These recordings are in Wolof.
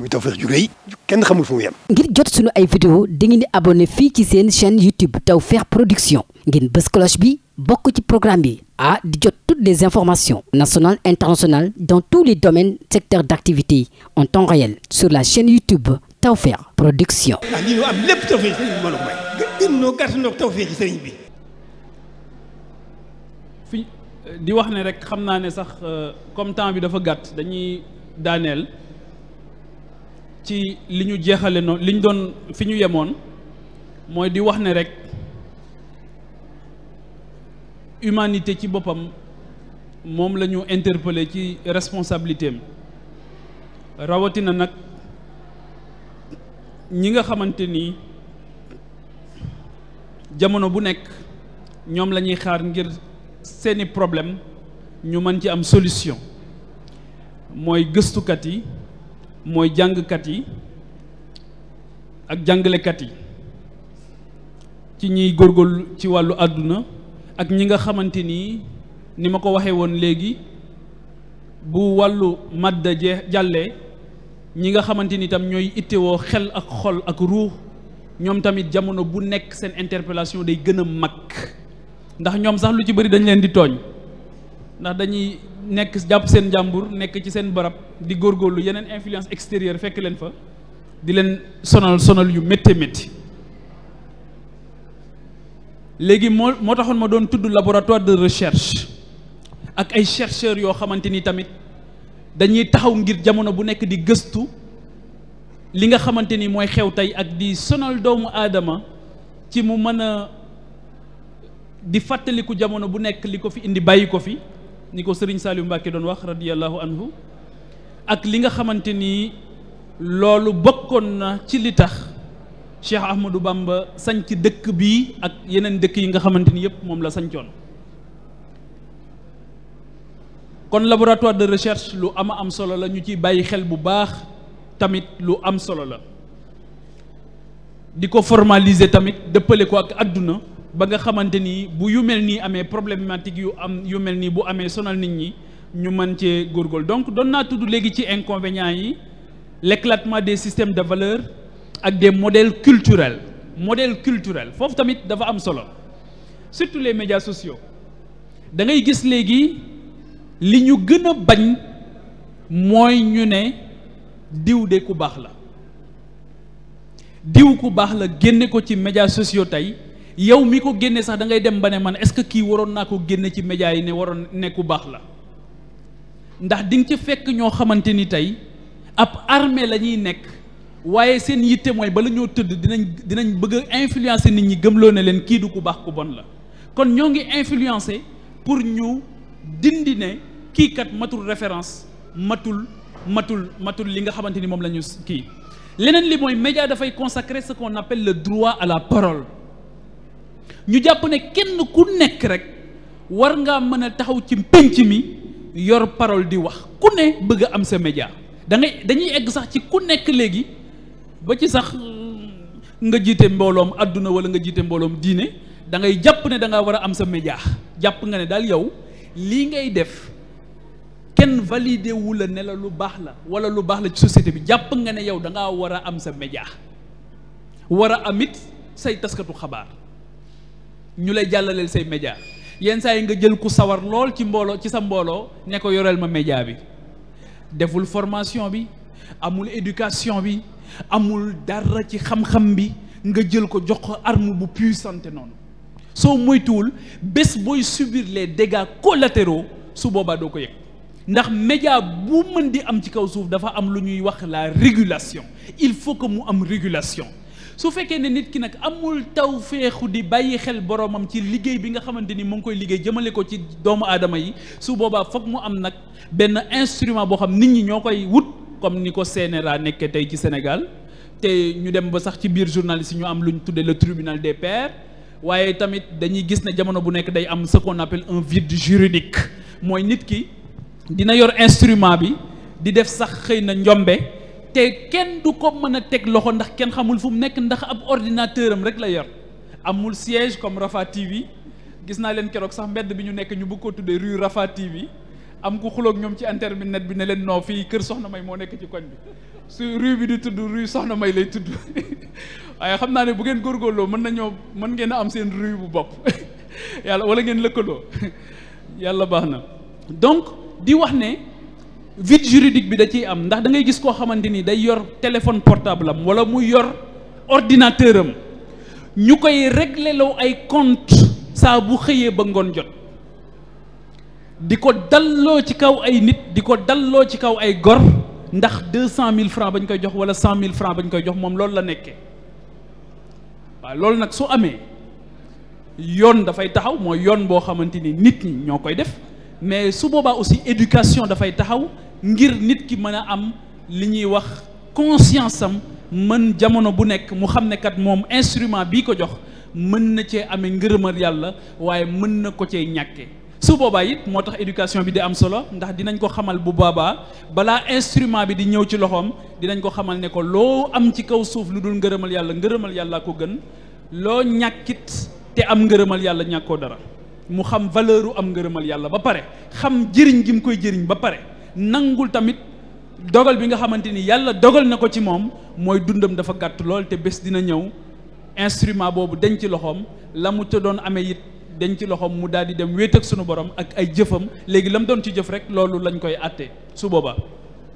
muy Tawfekh ju rëy kenn xamul fu mu ngir jot sunu ay vidéo dangeen di abonné fii ci seen chaîne YouTube Tawfekh Production ngeen bës bi bokk ci programme bi a di jot toutes les informations nationales internationales dans tous les domaines secteurs d'activité en temps réel sur la chaîne YouTube Tawfekh Production. ah lii ñu am lépp Tawfekh sëriñ bi mbooloo mooy gën ñoo gàtt ñoo Tawfekh bi. fi di wax ne rek xam naa ne sax euh, comme temps bi dafa gàtt dañuy daaneel. ci li ñu jeexale noonu li ñu doon fi ñu yemoon mooy di wax ne rek humanité ci boppam moom la ñu interpellé ci responsabilité rawatina nag ñi nga xamante ni jamono bu nekk ñoom la ñuy xaar ngir seeni problème ñu mën ci am solution mooy gëstukat yi mooy jàngkat yi ak jàngalekat yi ci ñiy góorgóorlu ci wàllu àdduna ak ñi nga xamante ni ni ma ko waxee woon léegi bu wàllu madda jee jàllee ñi nga xamante ni tam ñooy ittewoo xel ak xol ak ruux ñoom tamit jamono bu nekk seen interpellation day gën a mag ndax ñoom sax lu ci bëri dañ leen di tooñ ndax dañuy nekk jàpp seen jàmbur nekk ci seen barab di góor góorlu yeneen influence extérieure fekk leen fa di leen sonal sonal yu méttee métti léegi moo moo taxoon ma doon tudd laboratoire de recherche ak ay chercheurs yoo xamante ni tamit dañuy taxaw ngir jamono bu nekk di gëstu li nga xamante ni mooy xew tey ak di sonal doomu aadama ci mu mën a di fàttaliku jamono bu nekk li ko fi indi bàyyi ko fi ni ko sëriñ Saliou Mbacke doon wax radiyallahu anhu ak li nga xamante ni loolu bokkoon na ci li tax Cheikh Ahmadou Bamba sañc dëkk bii ak yeneen dëkk yi nga xamante ni yëpp moom la sancoon kon laboratoire de recherche lu ama am solo la ñu ci bàyyi xel bu baax tamit lu am solo la di ko formaliser tamit dëppale ko ak àdduna ba nga xamante ni bu yu mel nii amee problématique yu am yu mel nii bu amee sonal nit ñi ñu mën cee góorgóorlu donc doon naa tudd léegi ci inconvénients yi l'éclatement des systèmes de valeur ak de modèles culturels modèle culturel foofu tamit dafa am solo surtout les média sociaux da ngay gis léegi li ñu gën a bañ mooy ñu ne diw de ku baax la diw ku baax la génne ko ci médias sociaux tey yow mi ko génne sax da ngay dem ba ne man est-ce que kii waroon naa ko génne ci médias yi ne waroon ne ku baax la ndax di nga ci fekk ñoo xamante ni tey ab armée la ñuy nekk waaye seen yitte mooy bala ñoo tëdd dinañ dinañ bëgg a influencer nit ñi gëmloo ne leen kii du ku baax ku bon la kon ñoo ngi influencer pour ñu dindi ne kii kat matul référence matul matul matul li nga xamante ni moom la ñu kii leneen li mooy média dafay consacrer ce qu'on appelle le droit à la parole ñu jàpp ne kenn ku nekk rek war ngaa mën a taxaw ci pénc mi yor parole di wax ku ne bëgg am sa média da ngay dañuy egg sax ci ku nekk léegi ba ci sax mm, nga jiite mbooloom àdduna wala nga jiite mbooloom diine dangay jàpp ne da war a am sa média jàpp nga ne daal yow lii ngay def kenn validé wu la ne lu baax la wala lu baax la ci société bi jàpp nga ne yow da war a am sa média war a amit say taskatu xabaar ñu lay jàllaleel say média yenn saa yi nga jël ku sawar lool ci mbooloo ci sa mbooloo ne ko yoreel ma média bi deful formation bi amul éducation bi amul dara ci xam-xam bi nga jël ko jox ko arme bu puissante noonu soo moytuwul bés booy subir les dégâts collatéraux su boobaa doo ko yëg ndax média bu mën di am ci kaw suuf dafa am lu ñuy wax la régulation il faut que mu am régulation su fekkee ne nit ki nag amul taw féexu di bàyyi xel boromam ci liggéey bi nga xamante ni mu ngi koy liggéey jëmale ko ci doomu aadama yi su boobaa foog mu am nag benn instrument boo xam nit ñi ñoo koy wut comme ni ko CNRA nekkee tey ci Sénégal te ñu dem ba sax ci biir journaliste ñu am lu ñu tuddee le tribunal des pairs waaye tamit dañuy gis ne jamono bu nekk day am ce qu'on appelle un vide juridique mooy nit ki dina yor instrument bi di def sax xëy na njombe te kenn du ko mën a teg loxo ndax kenn xamul fu mu nekk ndax ab ordinateur am rek la yor amul siège comme Rafa TV gis naa leen keroog sax mbedd bi ñu nekk ñu bëgg ko tuddee rue Rafa TV am ku xuloog ñoom ci internet bi ne leen non fii kër Soxna May moo nekk ci koñ bi su rue bi di tudd rue Soxna May lay tudd waaye xam naa ne bu ngeen góorgóorloo mën na nañoo mën ngeen a am seen rue bu bopp yàlla wala ngeen lëkkaloo yàlla baax na donc di wax vide juridique bi da ciy am ndax da ngay gis koo xamante ni day yor téléphone portable am wala mu yor ordinateur am ñu koy régler law ay compte saa bu xëyee ba ngoon jot di ko dalloo ci kaw ay nit di ko dalloo ci kaw ay gor ndax deux cent mille francs bañ koy jox wala cent mille francs bañ koy jox moom loolu la nekkee waaw loolu nag su amee yoon dafay taxaw moo yoon boo xamante ni nit ñi ñoo koy def mais su boobaa aussi éducation dafay taxaw ngir nit ki mën a am li ñuy wax conscience am mën jamono bu nekk mu xam ne kat moom instrument bii ko jox mën na cee amee ngërëmal yàlla waaye mën na ko cee ñàkke su boobaay it moo tax éducation bi di am solo ndax dinañ ko xamal bu baabaa balaa instrument bi di ñëw ci loxoom dinañ ko xamal ne ko loo am ci kaw suuf lu dul ngërëmal yàlla ngërëmal yàlla ko gën loo ñàkkit te am ngërëmal yàlla ñàkkoo dara mu xam valeur u am ngërëmal yàlla ba pare xam jëriñ gi mu koy jëriñ ba pare nangul tamit dogal bi nga xamante ni yàlla dogal na ko ci moom mooy dundam dafa gàtt loolu te bés dina ñëw instrument boobu dañ ci loxoom la mu ca doon amee it dañ ci loxoom mu daal di dem wéet ak sunu borom ak ay jëfam léegi la mu doon ci jëf rek loolu lañ koy àtte su boobaa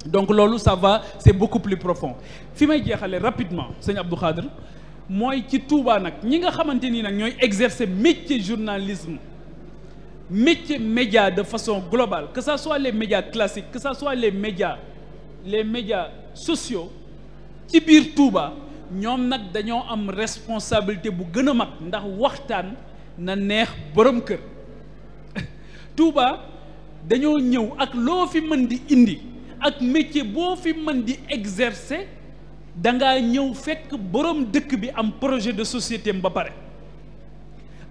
donc loolu ça va c'est beaucoup plus profond fi may jeexale rapidement sëñ Abdou Khadre mooy ci Touba nag ñi nga xamante nii nag ñooy exercer métier journalisme métier média de façon globale que ça soit les médias classiques que ça soit les médias les médias sociaux ci biir Touba ñoom nag dañoo am responsabilité bu gën a mag ndax waxtaan na neex borom kër Touba dañoo ñëw ak loo fi mën di indi ak métier boo fi man di exercer da ngaa ñëw fekk borom dëkk bi am projet de société ba pare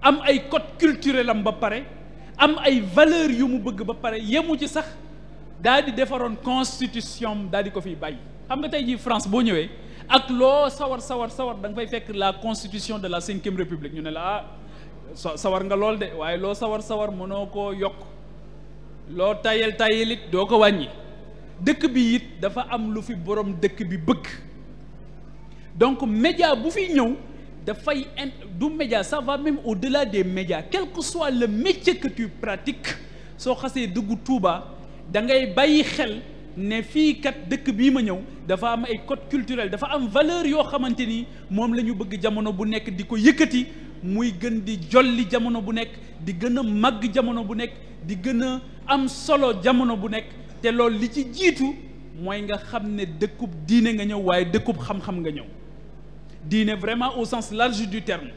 am ay code culturel am ba pare am ay valeur yu mu bëgg ba pare yemu ci sax daal di defaroon constitution daal di ko fiy bàyyi xam nga tey jii France boo ñëwee ak loo sawar sawar sawar da nga fay fekk la constitution de la cinquième république ñu ne la ah sawar nga lool de waaye loo sawar sawar mënoo koo yokk loo tayel tayel doo ko wàññi dëkk bi it dafa am lu fi borom dëkk bi bëgg donc média bu fi ñëw dafay in du média ça va même au-delà des médias quel que soit le métier que soo xasee dugg Touba da bàyyi xel ne fii kat dëkk bii ma ñëw dafa am ay code culturel dafa am valeur yoo xamante ni moom la ñu bëgg jamono bu nekk di ko yëkkati muy gën di jolli jamono bu nekk di gën a màgg jamono bu nekk di gën a am solo jamono bu nekk te loolu li ci jiitu mooy nga xam ne dëkkub diine nga ñëw waaye dëkkub xam-xam nga ñëw diine vraiment au sens large du terme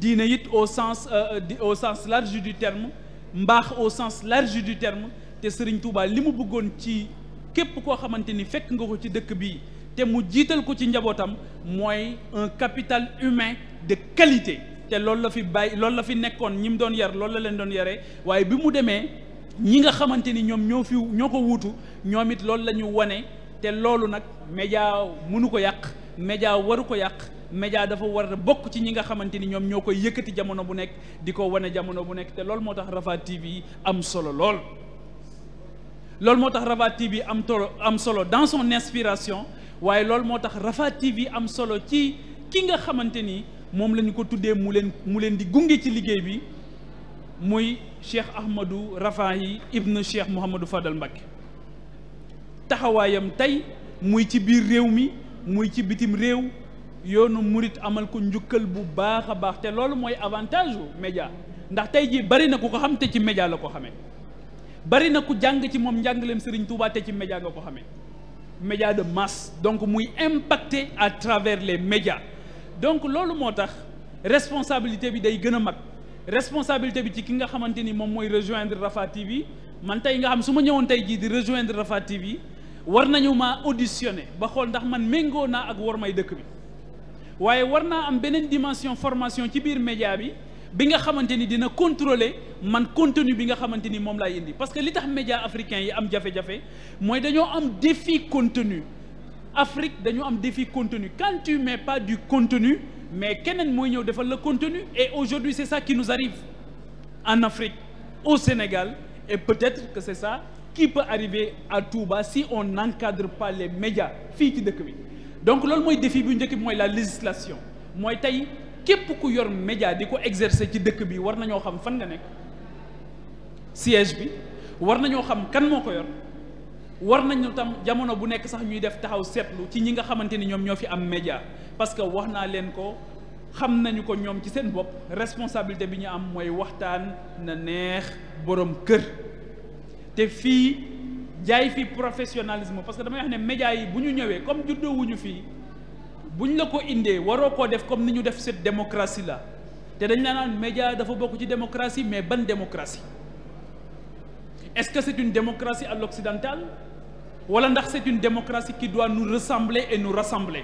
diine it au sens euh, euh, au sens large du terme mbaax au sens large du terme te Serigne Touba li mu bëggoon ci képp koo xamante ni fekk nga ko ci dëkk bi te mu jiital ko ci njabootam mooy un capital humain de qualité te loolu la fi bàyyi loolu la fi nekkoon ñi mu doon yar loolu la leen doon yare waaye bi mu demee ñi nga xamante ni ñoom ñoo fi ñoo ko wuutu ñoom it loolu la ñu wane te loolu nag média mënu ko yàq média waru ko yàq média dafa war bokk ci ñi nga xamante ni ñoom ñoo koy yëkkati jamono bu nekk di ko wane jamono bu nekk te loolu moo tax Rafah TV am solo lool. loolu moo tax Rafah TV am tolo am solo dans son inspiration waaye loolu moo tax Rafah TV am solo ci ki nga xamante ni moom lañu ko tuddee mu leen mu leen di gunge ci liggéey bi muy Cheikh Ahmadou Rafahi ibn Cheikh Mouhamadou Fadal Mbacké taxawaayam tey muy ci biir réew mi. muy ci bitim réew yoonu murit amal ko njukkal bu baax a baax te loolu mooy avantage u média ndax tey jii bari na ku ko xam te ci média la ko xamee bari na ku jàng ci moom njàngaleem Serigne Touba ci média nga ko xamee média de masse donc muy impacté à travers le médias donc loolu moo tax responsabilité bi day gën a mag responsabilité bi ci ki nga xamante ni moom mooy rejoindre Rafah TV man tey nga xam su ma ñëwoon tey jii di rejoindre Rafah TV war nañu maa auditionné ba xool ndax man méngoo naa ak war may dëkk bi waaye war naa am beneen dimension formation ci biir média bi bi nga xamante ni dina contrôler man contenu bi nga xamante ni moom laay indi parce que li tax média africain yi am jafe-jafe mooy dañoo am défi contenu Afrique dañoo am défi contenu quand mais mets pas du contenu mais keneen mooy ñëw defal la contenu et aujourd'hui c'est ça qui nous arrive en Afrique au Sénégal et peut-être que ça qui peut arriver à Touba si on n'encadre pas les médias fii ci dëkk bi donc loolu mooy défi bu njëkk bi mooy la législation mooy tey képp ku yor média di ko exercer ci dëkk bi war nañoo xam fan nga nekk siège bi war nañoo xam kan moo ko yor war ñu tam jamono bu nekk sax ñuy def taxaw seetlu ci ñi nga xamante ni ñoom ñoo fi am média parce que wax naa leen ko xam nañu ko ñoom ci seen bopp responsabilité bi ñu am mooy waxtaan na neex boroom kër te fii jaay fi professionnalisme parce que damay wax ne médias yi bu ñu ñëwee comme ñu fii bu ñu la ko indee waroo koo def comme ni ñu def cette démocratie la te dañ la naan média dafa bokk ci démocratie mais ban démocratie est-ce que c'est une démocratie à wala ndax c'est une démocratie qui doit nous ressembler et nous rassembler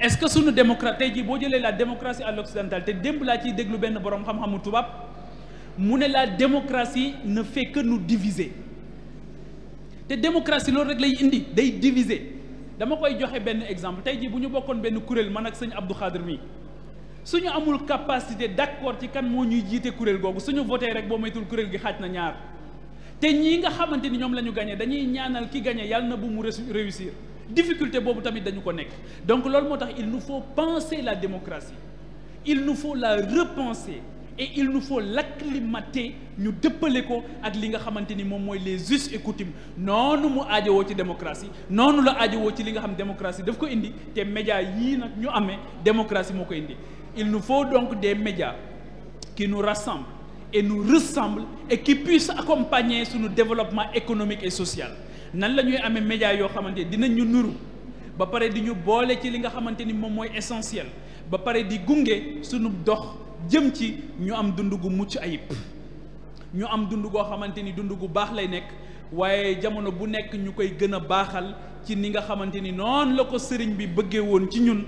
est-ce que suñu démocratie tey jii boo jëlee la démocratie à l'occidentale te démb laa ciy déglu benn boroom xam-xamu tubaab mu ne la démocratie na fekk nu nous diviser te démocratie loolu rek lay indi day diviser dama koy joxe benn exemple tey jii bu ñu bokkoon benn kuréel man ak sëñ Abdou Khadir mi suñu amul capacité d'accord ci kan moo ñuy jiite kuréel googu suñu voté rek boo moytul kuréel gi xaaj na ñaar te ñii nga xamante ni ñoom la ñu gagné dañuy ñaanal ki gagné yàlla na bu mu réussir difficulté boobu tamit dañu ko nekk donc loolu moo tax il nous faut penser la démocratie il nous faut la repenser et il nous faut l'acclimater ñu dëppale ko ak li nga xamante ni moom mooy les us et coutumes noonu mu aajowoo ci démocratie noonu la aajowoo ci li nga xam démocratie daf ko indi te médias yii nag ñu amee démocratie moo ko indi il nous faut donc des médias qui nous rassemblent et nous ressemblent et qui puissent accompagner suñu développement économique et sociale nan la ñuy amee médias yoo xamante ni dinañ ñu nuru ba pare di ñu boole ci li nga xamante ni moom mooy essentiel ba pare di gunge suñu dox jëm ci ñu am dund gu mucc ayib ñu am dund goo xamante ni dund gu baax lay nekk waaye jamono bu nekk ñu koy gën a baaxal ci ni nga xamante ni noon la ko sëriñ bi bëggee woon ci ñun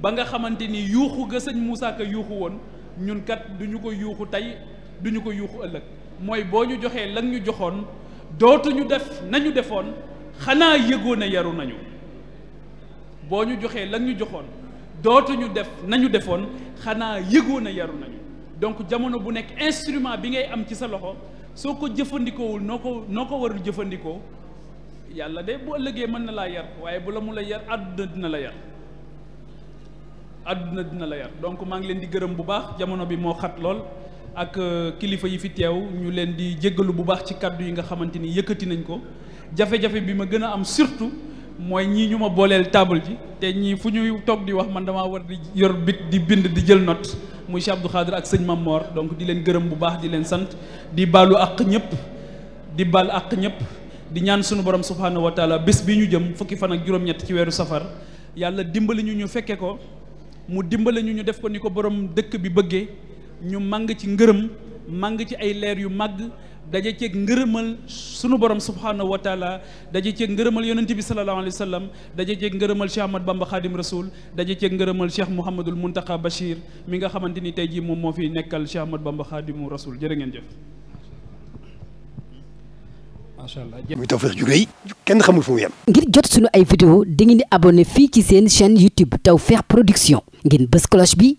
ba nga xamante ni yuuxu ga sëñ Moussa Ka yuuxu woon ñun kat du ko yuuxu tey duñu ko yuuxu ëllëg mooy boo ñu joxee lan ñu joxoon dootuñu def nañu defoon xanaa yëgoon a yaru nañu boo ñu joxee lan ñu joxoon dootuñu def nañu defoon xanaa yëgoon a yaru nañu donc jamono bu nekk instrument bi ngay am ci sa loxo soo ko jëfandikoowul noo ko noo ko warul jëfandikoo yàlla de bu ëllëgee mën na laa yar waaye bu la mu la yar àdduna dina la yar àdduna dina la yar donc maa ngi leen di gërëm bu baax jamono bi moo xat lool ak euh, kilifa yi fi teew ñu leen di jéggalu bu baax ci kàddu yi nga xamante ni yëkkati nañ ko jafe-jafe bi ma gën a am surtout mooy ñii ñu ma booleel taabal ji te ñii fu ñuy toog di wax man damaa war di yor bit di bind di jël note muy Cheikh Abdou Khadre ak sëñ Mame Mor donc di leen gërëm bu baax di leen sant di baalu àq ñëpp di baal àq ñëpp di ñaan suñu borom subhaanahu wa taala bés bi ñu jëm fukki fan ak juróom-ñett ci weeru safar yàlla dimbali ñu ñu fekke ko mu dimbali ñu ñu def ko ni ko borom dëkk bi bëggee ñu màng ci ngërëm màng ci ay leer yu màgg daje ceeg ngërëmal sunu borom subhanahu wa taala daje ceeg ngërëmal yonente bi salallahu alayhi wa sallam daje ceeg ngërëmal Cheikh Ahmad Bamba Khadim Rasoul daje ceeg ngërëmal Cheikh Mouhamadul Mountakha Bachir mi nga xamante ni tey jii moom moo fi nekkal Cheikh Ahmad Bamba Khadimu Rasoul jërë ngeen jëf. allah muy tawfeex ju kenn xamul fu mu ngir jot sunu ay vidéo dangeen di abonné fii ci seen chaîne YouTube Tawfekh Production ngeen bës cloche bi.